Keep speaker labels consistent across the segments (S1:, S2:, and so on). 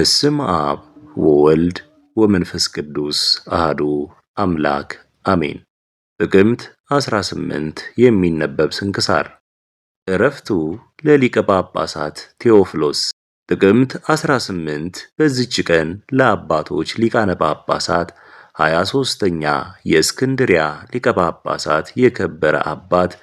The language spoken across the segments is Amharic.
S1: በስም አብ ወወልድ ወመንፈስ ቅዱስ አህዱ አምላክ አሜን። ጥቅምት 18 የሚነበብ ስንክሳር። እረፍቱ ለሊቀ ጳጳሳት ቴዎፍሎስ። ጥቅምት 18 በዚች ቀን ለአባቶች ሊቃነ ጳጳሳት 23ኛ የእስክንድሪያ ሊቀ ጳጳሳት የከበረ አባት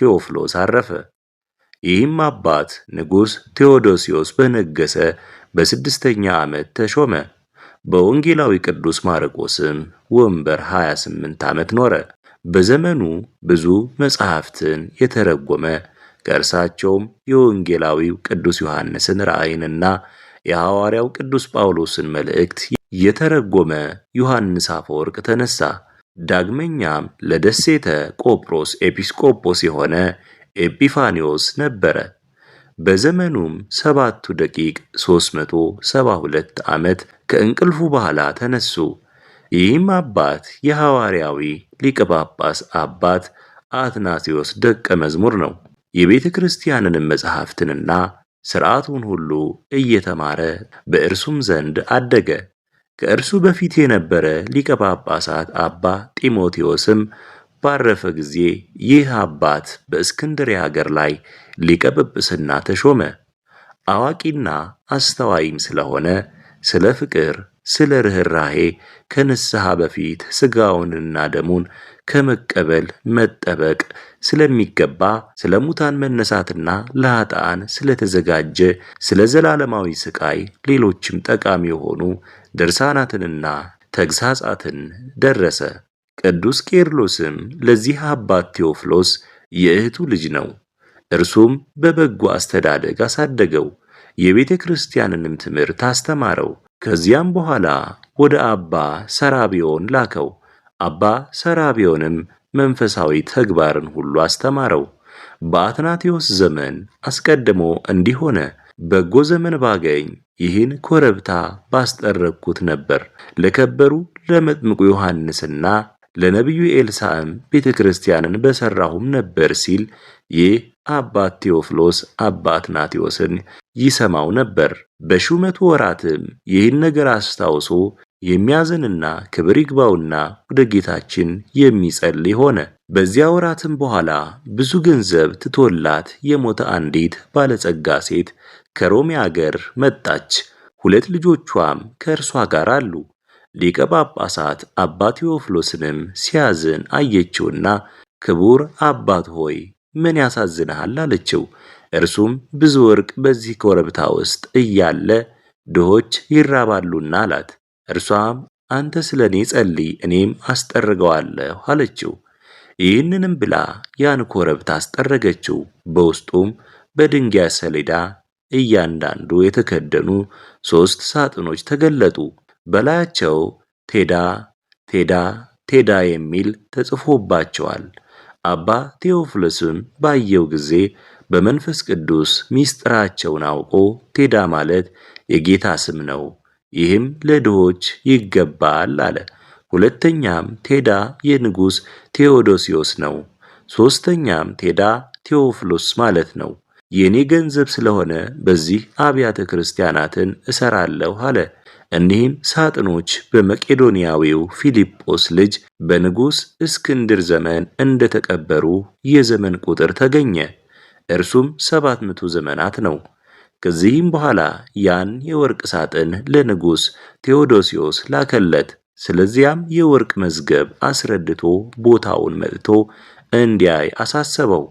S1: ቴዎፍሎስ አረፈ። ይህም አባት ንጉሥ ቴዎዶሲዮስ በነገሰ በስድስተኛ ዓመት ተሾመ። በወንጌላዊ ቅዱስ ማርቆስም ወንበር 28 ዓመት ኖረ። በዘመኑ ብዙ መጻሕፍትን የተረጎመ ከእርሳቸውም የወንጌላዊው ቅዱስ ዮሐንስን ራእይንና የሐዋርያው ቅዱስ ጳውሎስን መልእክት የተረጎመ ዮሐንስ አፈወርቅ ተነሳ። ዳግመኛም ለደሴተ ቆጵሮስ ኤጲስቆጶስ የሆነ ኤጲፋኒዎስ ነበረ። በዘመኑም ሰባቱ ደቂቅ 372 ዓመት ከእንቅልፉ በኋላ ተነሱ። ይህም አባት የሐዋርያዊ ሊቀ ጳጳስ አባት አትናሲዮስ ደቀ መዝሙር ነው። የቤተ ክርስቲያንንም መጽሐፍትንና ሥርዓቱን ሁሉ እየተማረ በእርሱም ዘንድ አደገ። ከእርሱ በፊት የነበረ ሊቀ ጳጳሳት አባ ጢሞቴዎስም ባረፈ ጊዜ ይህ አባት በእስክንድርያ ሀገር ላይ ሊቀ ጵጵስና ተሾመ። አዋቂና አስተዋይም ስለሆነ ስለ ፍቅር፣ ስለ ርኅራሄ ከንስሐ በፊት ሥጋውንና ደሙን ከመቀበል መጠበቅ ስለሚገባ ስለ ሙታን መነሳትና ለኃጥአን ስለተዘጋጀ ስለ ዘላለማዊ ሥቃይ ሌሎችም ጠቃሚ የሆኑ ድርሳናትንና ተግሳጻትን ደረሰ። ቅዱስ ቄርሎስም ለዚህ አባት ቴዎፍሎስ የእህቱ ልጅ ነው። እርሱም በበጎ አስተዳደግ አሳደገው፣ የቤተ ክርስቲያንንም ትምህርት አስተማረው። ከዚያም በኋላ ወደ አባ ሰራቢዮን ላከው። አባ ሰራቢዮንም መንፈሳዊ ተግባርን ሁሉ አስተማረው። በአትናቴዎስ ዘመን አስቀድሞ እንዲሆነ በጎ ዘመን ባገኝ ይህን ኮረብታ ባስጠረግኩት ነበር። ለከበሩ ለመጥምቁ ዮሐንስና ለነቢዩ ኤልሳዕም ቤተ ክርስቲያንን በሠራሁም ነበር ሲል ይህ አባት ቴዎፍሎስ አባት ናቴዎስን ይሰማው ነበር። በሹመቱ ወራትም ይህን ነገር አስታውሶ የሚያዝንና ክብር ይግባውና ወደ ጌታችን የሚጸልይ ሆነ። በዚያ ወራትም በኋላ ብዙ ገንዘብ ትቶላት የሞተ አንዲት ባለጸጋ ሴት ከሮሜ አገር መጣች። ሁለት ልጆቿም ከእርሷ ጋር አሉ። ሊቀ ጳጳሳት አባ ቴዎፍሎስንም ሲያዝን አየችውና ክቡር አባት ሆይ ምን ያሳዝንሃል? አለችው። እርሱም ብዙ ወርቅ በዚህ ኮረብታ ውስጥ እያለ ድሆች ይራባሉና አላት። እርሷም አንተ ስለ እኔ ጸልይ፣ እኔም አስጠርገዋለሁ አለችው። ይህንንም ብላ ያን ኮረብታ አስጠረገችው። በውስጡም በድንጋይ ሰሌዳ እያንዳንዱ የተከደኑ ሦስት ሳጥኖች ተገለጡ። በላያቸው ቴዳ ቴዳ ቴዳ የሚል ተጽፎባቸዋል። አባ ቴዎፍሎስም ባየው ጊዜ በመንፈስ ቅዱስ ምስጢራቸውን አውቆ ቴዳ ማለት የጌታ ስም ነው፣ ይህም ለድሆች ይገባል አለ። ሁለተኛም ቴዳ የንጉሥ ቴዎዶሲዮስ ነው። ሦስተኛም ቴዳ ቴዎፍሎስ ማለት ነው። የእኔ ገንዘብ ስለሆነ በዚህ አብያተ ክርስቲያናትን እሰራለሁ አለ። እኒህም ሳጥኖች በመቄዶንያዊው ፊልጶስ ልጅ በንጉሥ እስክንድር ዘመን እንደተቀበሩ የዘመን ቁጥር ተገኘ። እርሱም ሰባት መቶ ዘመናት ነው። ከዚህም በኋላ ያን የወርቅ ሳጥን ለንጉሥ ቴዎዶሲዮስ ላከለት። ስለዚያም የወርቅ መዝገብ አስረድቶ ቦታውን መጥቶ እንዲያይ አሳሰበው።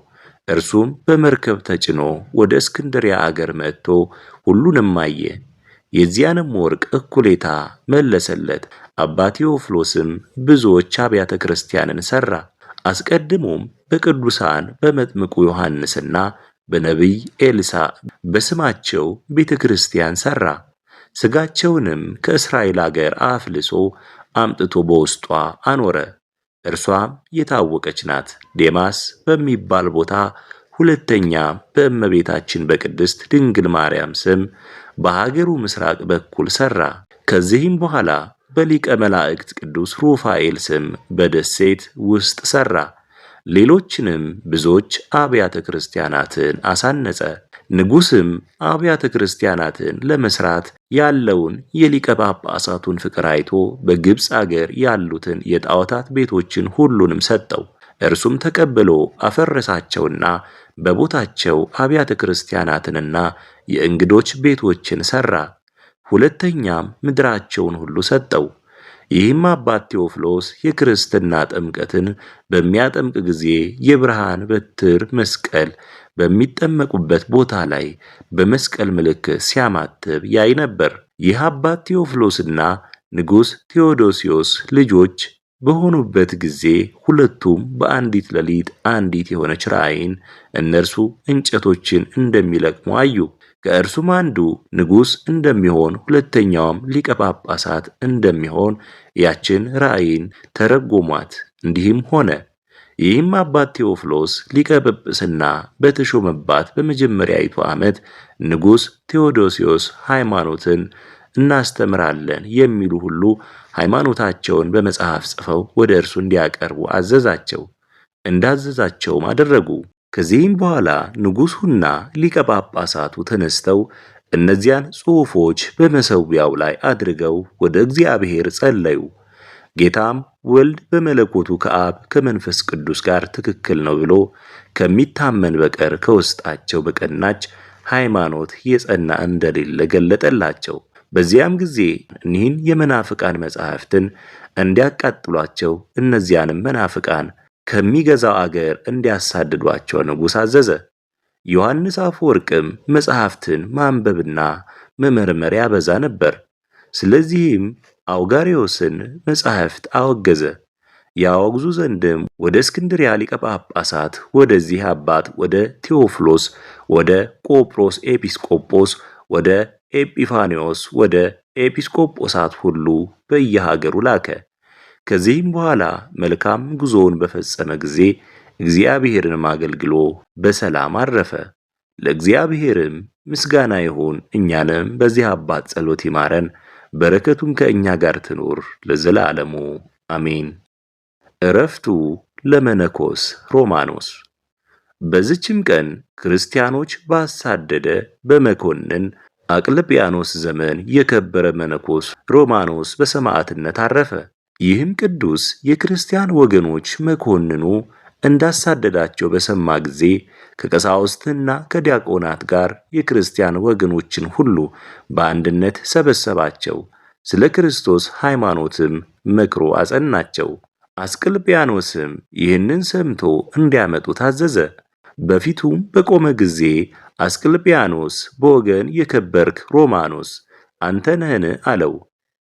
S1: እርሱም በመርከብ ተጭኖ ወደ እስክንድሪያ አገር መጥቶ ሁሉንም አየ። የዚያንም ወርቅ እኩሌታ መለሰለት። አባ ቴዎፍሎስም ብዙዎች አብያተ ክርስቲያንን ሠራ። አስቀድሞም በቅዱሳን በመጥምቁ ዮሐንስና በነቢይ ኤልሳ በስማቸው ቤተ ክርስቲያን ሠራ። ሥጋቸውንም ከእስራኤል አገር አፍልሶ አምጥቶ በውስጧ አኖረ። እርሷም የታወቀች ናት። ዴማስ በሚባል ቦታ ሁለተኛ በእመቤታችን በቅድስት ድንግል ማርያም ስም በሀገሩ ምስራቅ በኩል ሰራ ከዚህም በኋላ በሊቀ መላእክት ቅዱስ ሩፋኤል ስም በደሴት ውስጥ ሰራ! ሌሎችንም ብዙዎች አብያተ ክርስቲያናትን አሳነጸ። ንጉሥም አብያተ ክርስቲያናትን ለመስራት ያለውን የሊቀ ጳጳሳቱን ፍቅር አይቶ በግብፅ አገር ያሉትን የጣዖታት ቤቶችን ሁሉንም ሰጠው። እርሱም ተቀብሎ አፈረሳቸውና በቦታቸው አብያተ ክርስቲያናትንና የእንግዶች ቤቶችን ሠራ። ሁለተኛም ምድራቸውን ሁሉ ሰጠው። ይህም አባት ቴዎፍሎስ የክርስትና ጥምቀትን በሚያጠምቅ ጊዜ የብርሃን በትር መስቀል በሚጠመቁበት ቦታ ላይ በመስቀል ምልክት ሲያማትብ ያይ ነበር። ይህ አባት ቴዎፍሎስና ንጉሥ ቴዎዶሲዮስ ልጆች በሆኑበት ጊዜ ሁለቱም በአንዲት ሌሊት አንዲት የሆነች ራእይን እነርሱ እንጨቶችን እንደሚለቅሙ አዩ። ከእርሱም አንዱ ንጉሥ እንደሚሆን ሁለተኛውም ሊቀ ጳጳሳት እንደሚሆን ያችን ራእይን ተረጎሟት። እንዲህም ሆነ። ይህም አባት ቴዎፍሎስ ሊቀ ጵጵስና በተሾመባት በመጀመሪያይቱ ዓመት ንጉሥ ቴዎዶሲዮስ ሃይማኖትን እናስተምራለን የሚሉ ሁሉ ሃይማኖታቸውን በመጽሐፍ ጽፈው ወደ እርሱ እንዲያቀርቡ አዘዛቸው። እንዳዘዛቸውም አደረጉ። ከዚህም በኋላ ንጉሡና ሊቀ ጳጳሳቱ ተነስተው እነዚያን ጽሑፎች በመሠዊያው ላይ አድርገው ወደ እግዚአብሔር ጸለዩ። ጌታም ወልድ በመለኮቱ ከአብ ከመንፈስ ቅዱስ ጋር ትክክል ነው ብሎ ከሚታመን በቀር ከውስጣቸው በቀናች ሃይማኖት የጸና እንደሌለ ገለጠላቸው። በዚያም ጊዜ እኒህን የመናፍቃን መጻሕፍትን እንዲያቃጥሏቸው እነዚያንም መናፍቃን ከሚገዛው አገር እንዲያሳድዷቸው ንጉሥ አዘዘ። ዮሐንስ አፈወርቅም መጽሐፍትን ማንበብና መመርመር ያበዛ ነበር። ስለዚህም አውጋሪዎስን መጻሕፍት አወገዘ። ያወግዙ ዘንድም ወደ እስክንድሪያ ሊቀ ጳጳሳት ወደዚህ አባት ወደ ቴዎፍሎስ፣ ወደ ቆጵሮስ ኤጲስቆጶስ፣ ወደ ኤጲፋንዮስ ወደ ኤጲስቆጶሳት ሁሉ በየሀገሩ ላከ። ከዚህም በኋላ መልካም ጉዞውን በፈጸመ ጊዜ እግዚአብሔርንም አገልግሎ በሰላም አረፈ። ለእግዚአብሔርም ምስጋና ይሁን፣ እኛንም በዚህ አባት ጸሎት ይማረን፣ በረከቱም ከእኛ ጋር ትኑር ለዘላለሙ አሜን። እረፍቱ ለመነኮስ ሮማኖስ። በዚችም ቀን ክርስቲያኖች ባሳደደ በመኮንን አቅልጵያኖስ ዘመን የከበረ መነኮስ ሮማኖስ በሰማዕትነት አረፈ። ይህም ቅዱስ የክርስቲያን ወገኖች መኮንኑ እንዳሳደዳቸው በሰማ ጊዜ ከቀሳውስትና ከዲያቆናት ጋር የክርስቲያን ወገኖችን ሁሉ በአንድነት ሰበሰባቸው። ስለ ክርስቶስ ሃይማኖትም መክሮ አጸናቸው። አስቅልጵያኖስም ይህንን ሰምቶ እንዲያመጡ ታዘዘ። በፊቱም በቆመ ጊዜ አስቅልጵያኖስ በወገን የከበርክ ሮማኖስ አንተ ነህን አለው።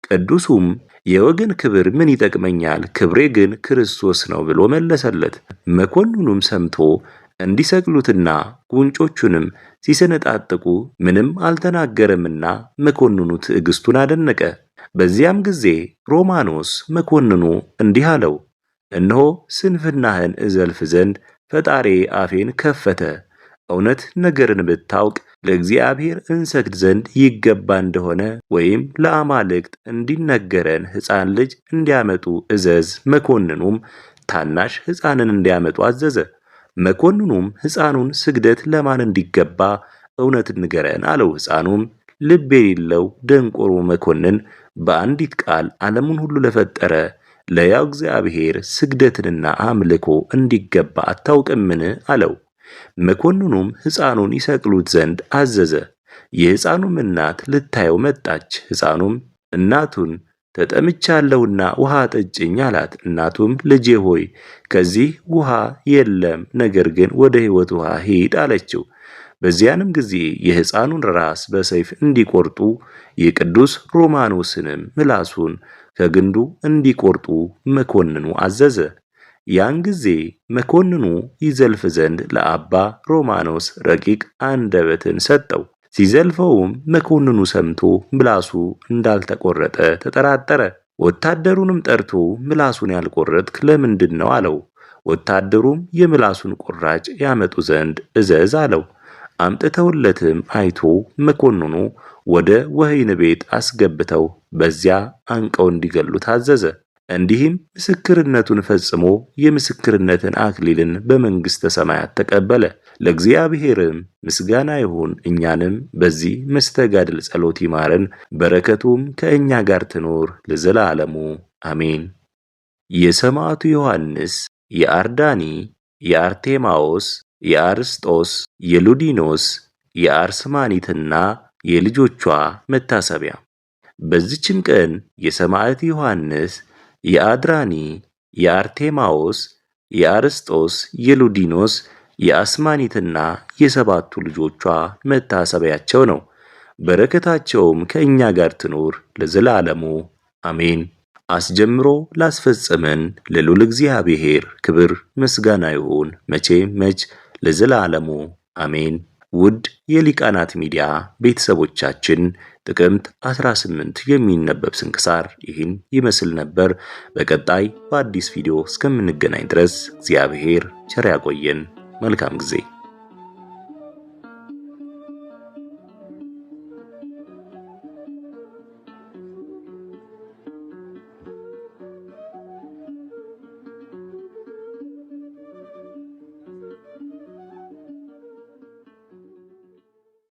S1: ቅዱሱም የወገን ክብር ምን ይጠቅመኛል? ክብሬ ግን ክርስቶስ ነው ብሎ መለሰለት። መኮንኑም ሰምቶ እንዲሰቅሉትና ጉንጮቹንም ሲሰነጣጥቁ ምንም አልተናገረምና መኮንኑ ትዕግስቱን አደነቀ። በዚያም ጊዜ ሮማኖስ መኮንኑ እንዲህ አለው፣ እነሆ ስንፍናህን እዘልፍ ዘንድ ፈጣሬ አፌን ከፈተ። እውነት ነገርን ብታውቅ ለእግዚአብሔር እንሰግድ ዘንድ ይገባ እንደሆነ ወይም ለአማልክት እንዲነገረን ሕፃን ልጅ እንዲያመጡ እዘዝ። መኮንኑም ታናሽ ሕፃንን እንዲያመጡ አዘዘ። መኮንኑም ሕፃኑን ስግደት ለማን እንዲገባ እውነት ንገረን አለው። ሕፃኑም ልብ የሌለው ደንቆሮ መኮንን በአንዲት ቃል ዓለሙን ሁሉ ለፈጠረ ለያው እግዚአብሔር ስግደትንና አምልኮ እንዲገባ አታውቅምን? አለው። መኮንኑም ሕፃኑን ይሰቅሉት ዘንድ አዘዘ። የሕፃኑም እናት ልታየው መጣች። ሕፃኑም እናቱን ተጠምቻለሁና ውሃ ጠጭኝ አላት። እናቱም ልጄ ሆይ ከዚህ ውሃ የለም፣ ነገር ግን ወደ ሕይወት ውሃ ሂድ አለችው። በዚያንም ጊዜ የሕፃኑን ራስ በሰይፍ እንዲቆርጡ የቅዱስ ሮማኖስንም ምላሱን ከግንዱ እንዲቆርጡ መኮንኑ አዘዘ። ያን ጊዜ መኮንኑ ይዘልፍ ዘንድ ለአባ ሮማኖስ ረቂቅ አንደበትን ሰጠው። ሲዘልፈውም መኮንኑ ሰምቶ ምላሱ እንዳልተቆረጠ ተጠራጠረ። ወታደሩንም ጠርቶ ምላሱን ያልቆረጥክ ለምንድን ነው አለው። ወታደሩም የምላሱን ቁራጭ ያመጡ ዘንድ እዘዝ አለው። አምጥተውለትም አይቶ መኮንኑ ወደ ወህይን ቤት አስገብተው በዚያ አንቀው እንዲገሉ ታዘዘ። እንዲህም ምስክርነቱን ፈጽሞ የምስክርነትን አክሊልን በመንግሥተ ሰማያት ተቀበለ። ለእግዚአብሔርም ምስጋና ይሁን፣ እኛንም በዚህ መስተጋድል ጸሎት ይማረን፣ በረከቱም ከእኛ ጋር ትኖር ለዘላለሙ አሜን። የሰማዕቱ ዮሐንስ የአርዳኒ የአርቴማዎስ የአርስጦስ የሉዲኖስ የአርስማኒትና የልጆቿ መታሰቢያ። በዚችም ቀን የሰማዕት ዮሐንስ፣ የአድራኒ፣ የአርቴማዎስ፣ የአርስጦስ፣ የሉዲኖስ፣ የአስማኒትና የሰባቱ ልጆቿ መታሰቢያቸው ነው። በረከታቸውም ከእኛ ጋር ትኖር ለዘላለሙ አሜን። አስጀምሮ ላስፈጸመን ለልዑል እግዚአብሔር ክብር ምስጋና ይሁን መቼ መች ለዘላለሙ አሜን። ውድ የሊቃናት ሚዲያ ቤተሰቦቻችን ጥቅምት 18 የሚነበብ ስንክሳር ይህን ይመስል ነበር። በቀጣይ በአዲስ ቪዲዮ እስከምንገናኝ ድረስ እግዚአብሔር ቸር ያቆየን። መልካም ጊዜ